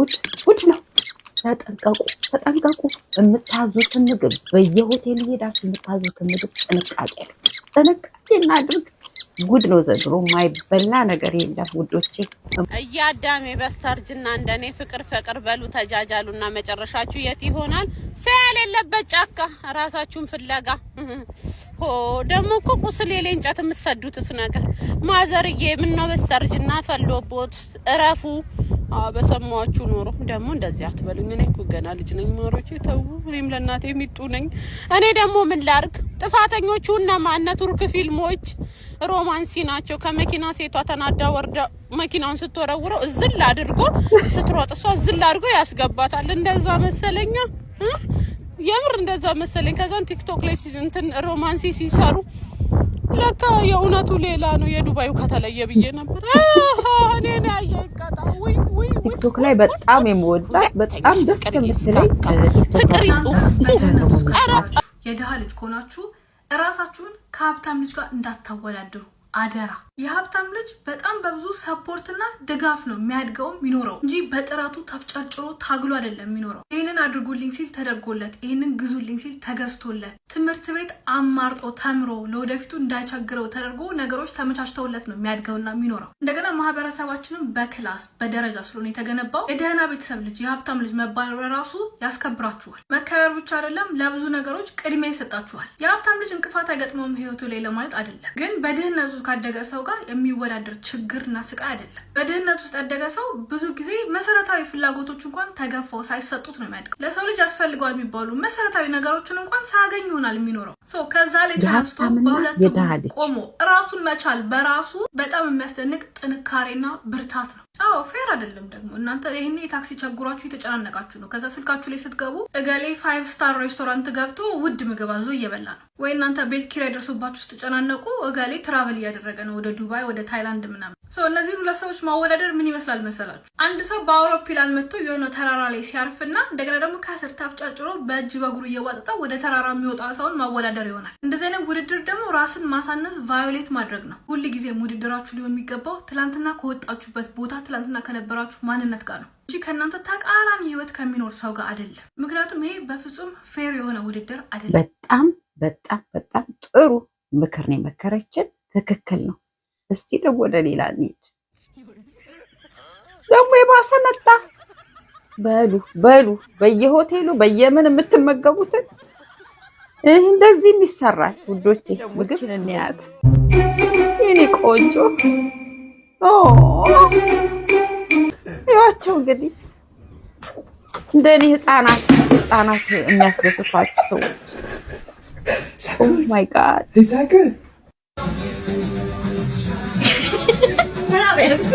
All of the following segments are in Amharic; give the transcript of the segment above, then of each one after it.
ውድ ውድ ነው። ተጠንቀቁ፣ ተጠንቀቁ። የምታዙትን ምግብ በየሆቴል ሄዳችሁ የምታዙትን ምግብ ጥንቃቄ ጥንቃቄ እናድርግ። ጉድ ነው ዘንድሮ፣ የማይበላ ነገር የለም ውዶቼ። እያዳሜ በስተርጅና እንደኔ ፍቅር ፍቅር በሉ ተጃጃሉ መጨረሻችሁ የት ይሆናል? ሰው የሌለበት ጫካ ራሳችሁን ፍለጋ ደግሞ እኮ ቁስል የሌ እንጨት የምትሰዱትስ ነገር ማዘርዬ፣ ምነው በሰርጅና ፈሎቦት እረፉ። በሰማችሁ ኖሮ ደግሞ እንደዚህ አትበሉኝ። እኔ እኮ ገና ልጅ ነኝ። ማሮች ተዉ፣ እኔም ለእናቴ የሚጡ ነኝ። እኔ ደግሞ ምን ላርግ? ጥፋተኞቹ እነማን? እነ ቱርክ ፊልሞች ሮማንሲ ናቸው። ከመኪና ሴቷ ተናዳ ወርዳ መኪናውን ስትወረውረው እዝል አድርጎ ስትሮጥ እሷ እዝል አድርጎ ያስገባታል። እንደዛ መሰለኛ የምር እንደዛ መሰለኝ። ከዛን ቲክቶክ ላይ እንትን ሮማንሲ ሲሰሩ ለካ የእውነቱ ሌላ ነው። የዱባዩ ከተለየ ብዬ ነበር። እኔ እኔን ያየ ቲክቶክ ላይ በጣም የምወዳት በጣም ደስ የምትለኝ ፍቅር የድሃ ልጅ ከሆናችሁ እራሳችሁን ከሀብታም ልጅ ጋር እንዳታወዳድሩ አደራ። የሀብታም ልጅ በጣም በብዙ ሰፖርትና ድጋፍ ነው የሚያድገው የሚኖረው እንጂ በጥራቱ ተፍጨርጭሮ ታግሎ አይደለም የሚኖረው። ይህንን አድርጉልኝ ሲል ተደርጎለት፣ ይህንን ግዙልኝ ሲል ተገዝቶለት፣ ትምህርት ቤት አማርጦ ተምሮ ለወደፊቱ እንዳይቸግረው ተደርጎ ነገሮች ተመቻችተውለት ነው የሚያድገውና የሚኖረው። እንደገና ማህበረሰባችንም በክላስ በደረጃ ስለሆነ የተገነባው የደህና ቤተሰብ ልጅ የሀብታም ልጅ መባል ራሱ ያስከብራችኋል። መከበር ብቻ አይደለም፣ ለብዙ ነገሮች ቅድሚያ ይሰጣችኋል። የሀብታም ልጅ እንቅፋት አይገጥመውም ህይወቱ ላይ ለማለት አይደለም፣ ግን በድህነቱ ካደገ ሰው ሰው ጋር የሚወዳደር ችግርና ስቃይ አይደለም። በድህነት ውስጥ ያደገ ሰው ብዙ ጊዜ መሰረታዊ ፍላጎቶች እንኳን ተገፈው ሳይሰጡት ነው የሚያድገው። ለሰው ልጅ ያስፈልገዋል የሚባሉ መሰረታዊ ነገሮችን እንኳን ሳያገኝ ይሆናል የሚኖረው። ከዛ ላይ ተነስቶ በሁለት ቆሞ ራሱን መቻል በራሱ በጣም የሚያስደንቅ ጥንካሬና ብርታት ነው። አዎ ፌር አይደለም ደግሞ እናንተ ይህን የታክሲ ቸግሯችሁ የተጨናነቃችሁ ነው። ከዛ ስልካችሁ ላይ ስትገቡ እገሌ ፋይቭ ስታር ሬስቶራንት ገብቶ ውድ ምግብ አዞ እየበላ ነው፣ ወይ እናንተ ቤት ኪራይ ደርሶባችሁ ስትጨናነቁ እገሌ ትራቨል እያደረገ ነው ወደ ዱባይ፣ ወደ ታይላንድ ምናምን። እነዚህ ሁለት ሰዎች ማወዳደር ምን ይመስላል መሰላችሁ? አንድ ሰው በአውሮፕላን መጥቶ የሆነ ተራራ ላይ ሲያርፍና እንደገና ደግሞ ከስር ታፍጫጭሮ በእጅ በእግሩ እየዋጠጠ ወደ ተራራ የሚወጣ ሰውን ማወዳደር ይሆናል። እንደዚህ አይነት ውድድር ደግሞ ራስን ማሳነስ ቫዮሌት ማድረግ ነው። ሁል ጊዜም ውድድራችሁ ሊሆን የሚገባው ትላንትና ከወጣችሁበት ቦታ፣ ትላንትና ከነበራችሁ ማንነት ጋር ነው እንጂ ከእናንተ ተቃራኒ ህይወት ከሚኖር ሰው ጋር አይደለም። ምክንያቱም ይሄ በፍጹም ፌር የሆነ ውድድር አይደለም። በጣም በጣም በጣም ጥሩ ምክር ነው የመከረችን። ትክክል ነው። እስቲ ደግሞ ወደ ሌላ እንሂድ። ደግሞ የባሰ መጣ። በሉ በሉ በየሆቴሉ በየምን የምትመገቡትን እንደዚህም ይሰራል ውዶቼ። ምግብ እንያት የኔ ቆንጆ ይዋቸው እንግዲህ እንደኔ ህፃናት ህፃናት የሚያስደስቷችሁ ሰዎች ኦ ማይ ጋድ Is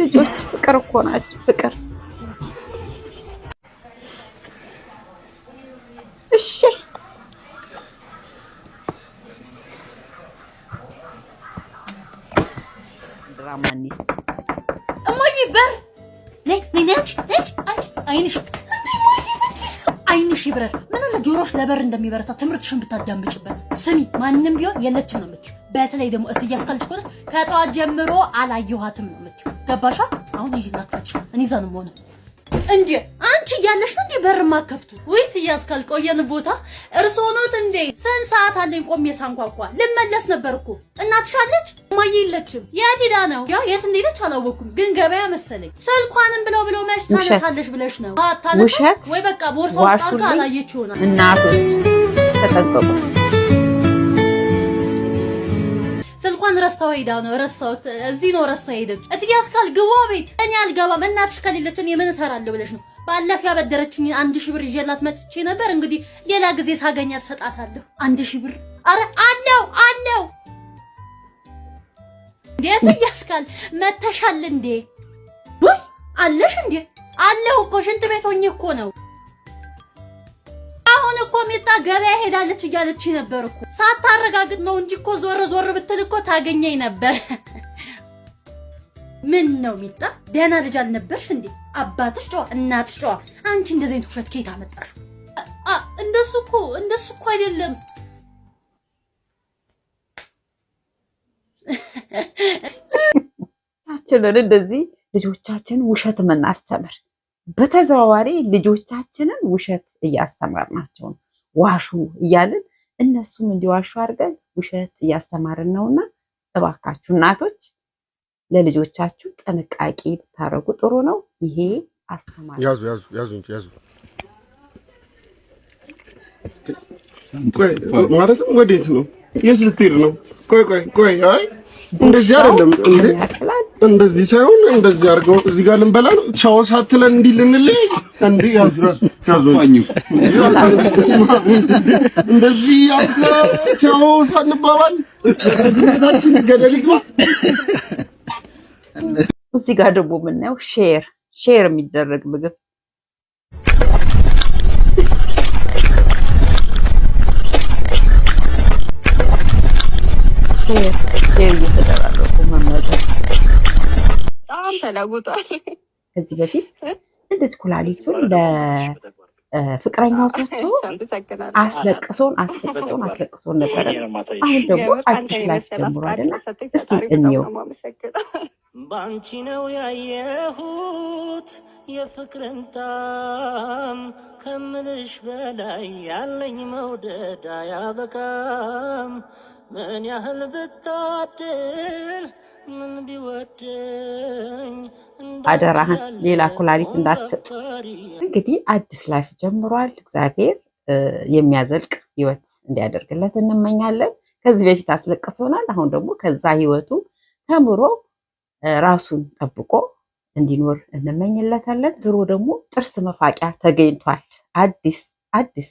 ልጆች ፍቅር እኮ ናቸው። ፍቅር እሺ ድራማኒስት እማዬ በር አይንሽ ይብረር። ምን ጆሮሽ ለበር እንደሚበረታ ትምህርትሽን ብታዳምጭበት። ስሚ ማንም ቢሆን የለችም ነው የምትይው በተለይ ደግሞ እትዬ አስካለች ከሆነ ከጠዋት ጀምሮ አላየኋትም ነው የምትይው። ገባሻ? አሁን ይዤና ክፈች። እኔ እዛ ነው የምሆነው። እንዴ አንቺ እያለሽ ነው እንዴ በር ማከፍቱ? ወይ እትዬ አስካል ቆየን ቦታ እርስዎ ኖት እንዴ? ስንት ሰዓት አለኝ ቆሜ ሳንኳኳ? ልመለስ ነበር እኮ። እናትሽ አለች? እማዬ የለችም። የት ሄዳ ነው? ያ የት እንደሄደች አላወቅኩም፣ ግን ገበያ መሰለኝ። ስልኳንም ብለው ብለው መች ታነሳለሽ ብለሽ ነው አታነሳ ወይ በቃ ቦርሳ ውስጥ አድርጋ አላየች ይሆናል። እናቶች ተጠንቀቁ። ስልኳን ረስታው ሄዳ ነው ረስታው እዚህ ነው ረስታ ሄደች። እትያስ ካል ግባ ቤት እኔ አልገባም እናትሽ ከሌለች እኔ ምን እሰራለሁ ብለሽ ነው። ባለፈ ያበደረችኝ አንድ ሺህ ብር ይዤላት መጥቼ ነበር። እንግዲህ ሌላ ጊዜ ሳገኛት ሰጣታለሁ። አንድ ሺህ ብር አረ አለው አለው እንዴት እያስካል መተሻል እንዴ? ወይ አለሽ እንዴ? አለው እኮ ሽንት ቤት ሆኜ እኮ ነው። አሁን እኮ ሚጣ ገበያ ሄዳለች እያለች ነበር እኮ። ሳታረጋግጥ ነው እንጂ እኮ ዞር ዞር ብትል እኮ ታገኘኝ ነበር። ምን ነው ሚጣ ደህና ልጅ አልነበርሽ እንዴ? አባትሽ ጨዋ፣ እናትሽ ጨዋ። አንቺ እንደዚህ አይነት ውሸት ከየት አመጣሽ? እንደሱ እኮ እንደሱ እኮ አይደለም። ታችንን እንደዚህ ልጆቻችን ውሸት ምናስተምር በተዘዋዋሪ ልጆቻችንን ውሸት እያስተማርናቸው ነው። ዋሹ እያልን እነሱም እንዲዋሹ አድርገን ውሸት እያስተማርን ነውና እባካችሁ እናቶች ለልጆቻችሁ ጥንቃቄ ብታደረጉ ጥሩ ነው። ይሄ አስተማሪ ያዙ ያዙ ያዙ እንጂ ያዙ ማለትም ወዴት ነው? የት ልትሄድ ነው? ቆይ ቆይ ቆይ፣ አይ እንደዚህ አይደለም እንዴ እንደዚህ ሳይሆን እንደዚህ አድርገው እዚህ ጋር ልንበላ ነው። ቻው ሳትለን እንዲህ ልንልይ እንዴ? ያዙ እንደዚህ ያለ ቻው ሳንባባል ዝምታችን ገደል ይግባ። እዚህ ጋር ደግሞ የምናየው ሼር ሼር የሚደረግ ምግብ ሼር ሼር እየተደራረቁ መመገብ በጣም ተለውጧል። ከዚህ በፊት እንደዚህ ኩላሊቱን ለፍቅረኛው ሰጥቶ አስለቅሶን አስለቅሶን አስለቅሶን ነበረ። አሁን ደግሞ አዲስ ላይ ጀምሯልና እስቲ እንየው። ባንቺ ነው ያየሁት የፍቅርን ጣም ከምልሽ በላይ ያለኝ መውደድ አያበቃም ምን ያህል ብታድል ምን ቢወደኝ አደራህን ሌላ ኩላሊት እንዳትሰጥ። እንግዲህ አዲስ ላይፍ ጀምሯል። እግዚአብሔር የሚያዘልቅ ህይወት እንዲያደርግለት እንመኛለን። ከዚህ በፊት አስለቅሶናል። አሁን ደግሞ ከዛ ህይወቱ ተምሮ ራሱን ጠብቆ እንዲኖር እንመኝለታለን። ድሮ ደግሞ ጥርስ መፋቂያ ተገኝቷል። አዲስ አዲስ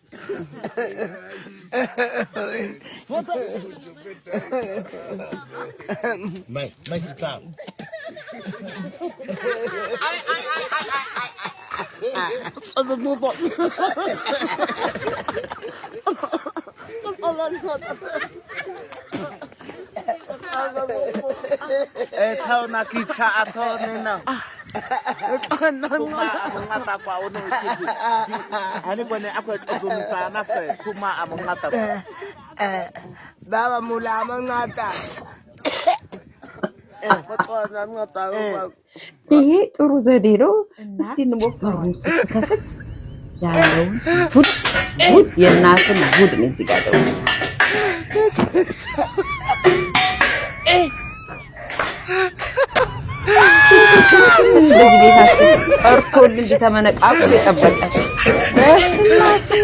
What the? Mày, mày xin chào. Ai, ai, ai, ai, ai, ai, ai. Ông đừng mua bọn. Ông đừng mua bọn. Ê, thâu nà kì chạ thô nên nào. À. mongata kwa o ne o tsebe ane bone a go etlotlomotsa nafe thuma a mongata baba mola a mongata ይሄ ጥሩ ዘዴ ነው። እስቲ እንሞክረው። ስትከፍት ያለውን ጉድ የእናትን ጉድ ነው እዚህ ጋር ደግሞ ልጅ ቤታችን ጠርቶ ልጅ ተመነቃቁ የጠበቀ በስላሴ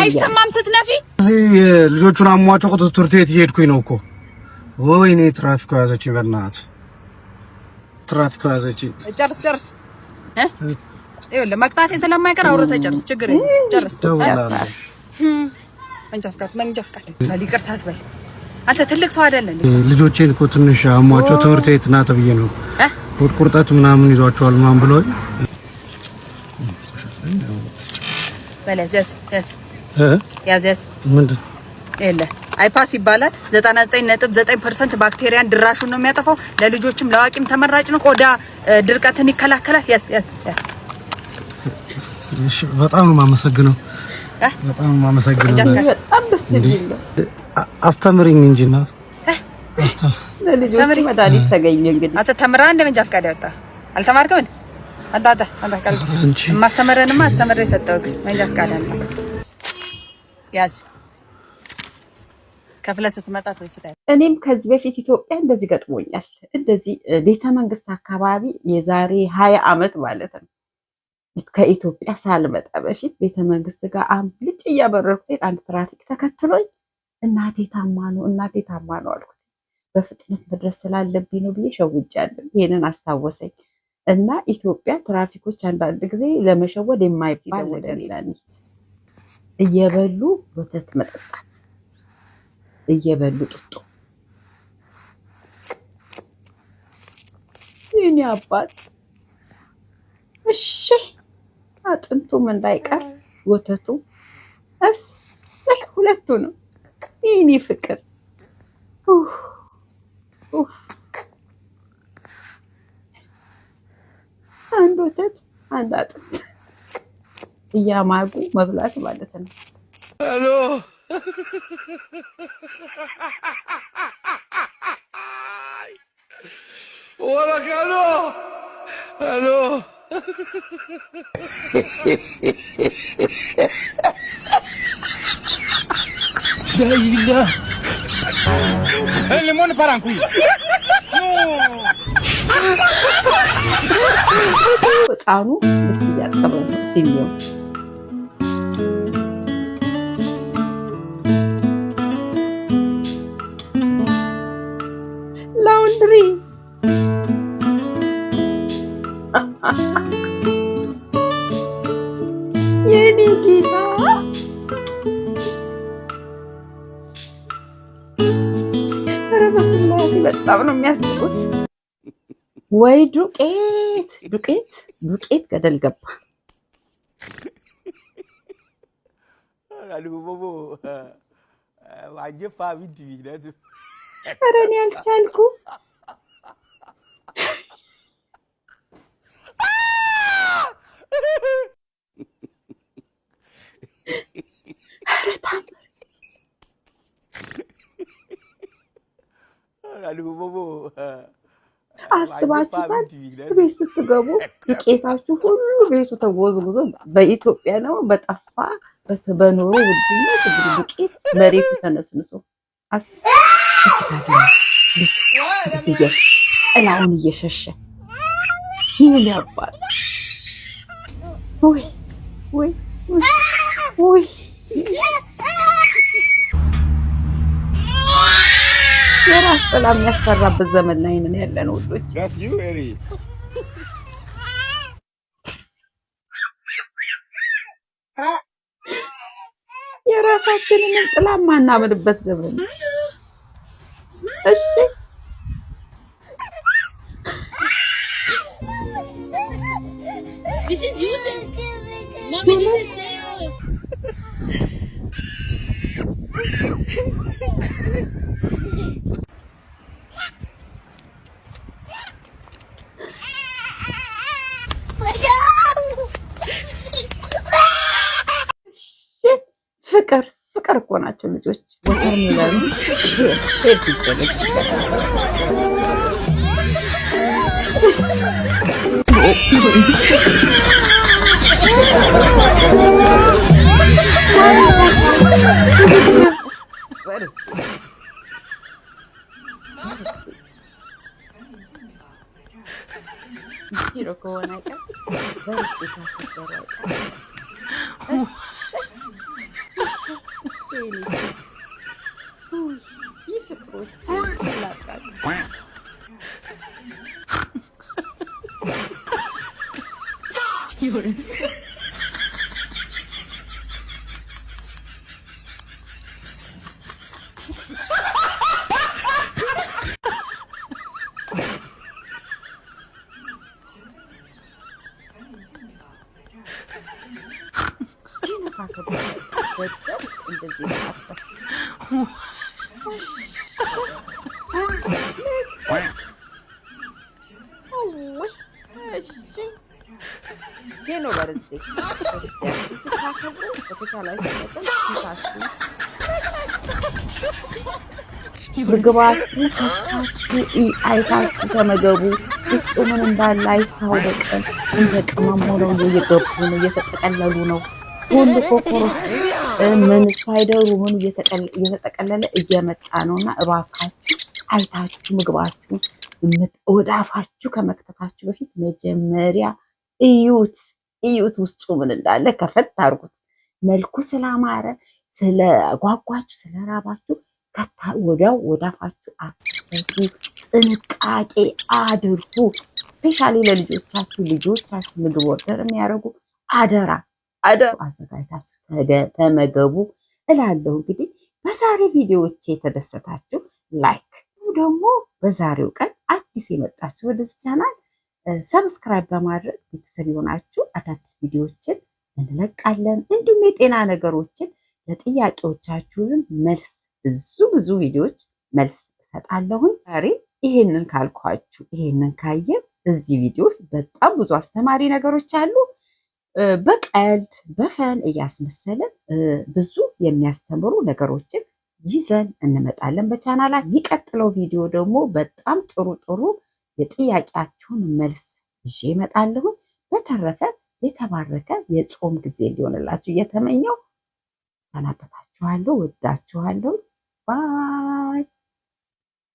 አይሰማም ስትነፊ። እዚህ ልጆቹን አሟቸው ትምህርት ቤት እየሄድኩኝ ነው እኮ። ወይኔ ትራፊክ ያዘች፣ በእናትህ ትራፊክ ያዘች። ጨርስ ጨርስ፣ መቅጣቴ ስለማይቀር አውርተህ ጨርስ። ችግር የለም ጨርስ። አንተ ትልቅ ሰው አይደለም። ልጆቼን እኮ ትንሽ አሟቸው ትምህርት ቤት ና ተብዬ ነው። ቁርጠት ምናምን ይዟቸዋል ምናምን ብለውኝ በለዘዝ አይፓስ ይባላል። 99.9% ባክቴሪያን ድራሹን ነው የሚያጠፋው። ለልጆችም ለአዋቂም ተመራጭ ነው። ቆዳ ድርቀትን ይከላከላል። ያዝ ያዝ ያዝ። እሺ፣ በጣም ነው የማመሰግነው። በጣም ነው የማመሰግነው። አስተምሪኝ እንጂ እናት አስተምሪኝ። መድኃኒት ተገኘ እንግዲህ። አንተ ተምራ እንደ መንጃ ፈቃድ ያወጣ አልተማርክም እንዴ? አጣጣ አንተ ካልኩ ማስተመረንማ አስተመረ የሰጠሁት መንጃ ፈቃድ አንተ ያዝ ከፍለህ ስትመጣ ትወስዳለህ። እኔም ከዚህ በፊት ኢትዮጵያ እንደዚህ ገጥሞኛል። እንደዚህ ቤተ መንግስት አካባቢ የዛሬ ሀያ አመት ማለት ነው ከኢትዮጵያ ሳልመጣ በፊት ቤተ መንግስት ጋር አምልጭ እያበረርኩ ሴት አንድ ትራፊክ ተከትሎኝ እናቴ ታማ ነው እናቴ ታማ ነው አልኩት። በፍጥነት መድረስ ስላለብኝ ነው ብዬ ሸውጃለሁ። ይሄንን አስታወሰኝ። እና ኢትዮጵያ ትራፊኮች አንዳንድ ጊዜ ለመሸወድ የማይባል ነገር እየበሉ ወተት መጠጣት፣ እየበሉ ጥጦ። ይህኔ አባት እሺ፣ አጥንቱም እንዳይቀር ወተቱ እስ ሁለቱ ነው። ይህኔ ፍቅር አንድ ወተት አንድ አጥንት እያማጉ መብላት ማለት ነው። ሎ ወበከሎ ሎ ህልሙን ፈራንኩኝ። ህፃኑ ልብስ እያጠበ ነው። እስቲ እንየው። ላውንድሪ ወይ ዱቄት ዱቄት ዱቄት ገደል ገባ። አልቦቦ ዋጀፋ ቢድ ቢነቱ ኧረ እኔ አልቻልኩ። አልቦቦ አስባችሁታል? ቤት ስትገቡ ዱቄታችሁ ሁሉ ቤቱ ተጎዝጉዞ በኢትዮጵያ ደግሞ በጠፋ በኖሮ ውድነት ዱቄት መሬቱ ተነስንሶ ጥላውን እየሸሸ ምን ያባል ወይ ወይ ወይ ጥላ የሚያስፈራበት ዘመን ላይ ነን ያለነው ውዶች። የራሳችንን ጥላ ማናምንበት ዘመን ነው። እሺ ፍቅር እኮ ናቸው ልጆች። ምግባችሁ ከፍታችሁ አይታችሁ ተመገቡ። ውስጡ ምን እንዳለ እንደ ቅመም ሆነው እየገቡ ነው፣ እየተጠቀለሉ ነው። ሁሉ ኮኮሮች ምን ምን እየተጠቀለለ እየመጣ ነው። እና እባካችሁ አይታችሁ ምግባችሁ ወደ አፋችሁ ከመክተታችሁ በፊት መጀመሪያ እዩት፣ እዩት ውስጡ ምን እንዳለ ከፈት አድርጉት። መልኩ ስላማረ ስለጓጓችሁ ስለራባችሁ ከታ ወዲያው ወዳፋችሁ አትንኩ። ጥንቃቄ አድርጉ። ስፔሻሊ ለልጆቻችሁ ልጆቻችሁ ምግብ ወርደር የሚያደርጉ አደራ አደራ አዘጋጅታችሁ ተመገቡ እላለሁ። እንግዲህ በዛሬ ቪዲዮዎች የተደሰታችሁ ላይክ ደግሞ በዛሬው ቀን አዲስ የመጣችሁ ወደዚህ ቻናል ሰብስክራይብ በማድረግ ቤተሰብ የሆናችሁ አዳዲስ ቪዲዮዎችን እንለቃለን። እንዲሁም የጤና ነገሮችን ለጥያቄዎቻችሁን መልስ ብዙ ብዙ ቪዲዮዎች መልስ እሰጣለሁኝ። ዛሬ ይሄንን ካልኳችሁ ይሄንን ካየን እዚህ ቪዲዮ ውስጥ በጣም ብዙ አስተማሪ ነገሮች አሉ። በቀልድ በፈን እያስመሰለን ብዙ የሚያስተምሩ ነገሮችን ይዘን እንመጣለን በቻናላት። የሚቀጥለው ቪዲዮ ደግሞ በጣም ጥሩ ጥሩ የጥያቄያችሁን መልስ ይዤ እመጣለሁ። በተረፈ የተባረከ የጾም ጊዜ እንዲሆንላችሁ እየተመኘው ሰናበታችኋለሁ። ወዳችኋለሁ ባይ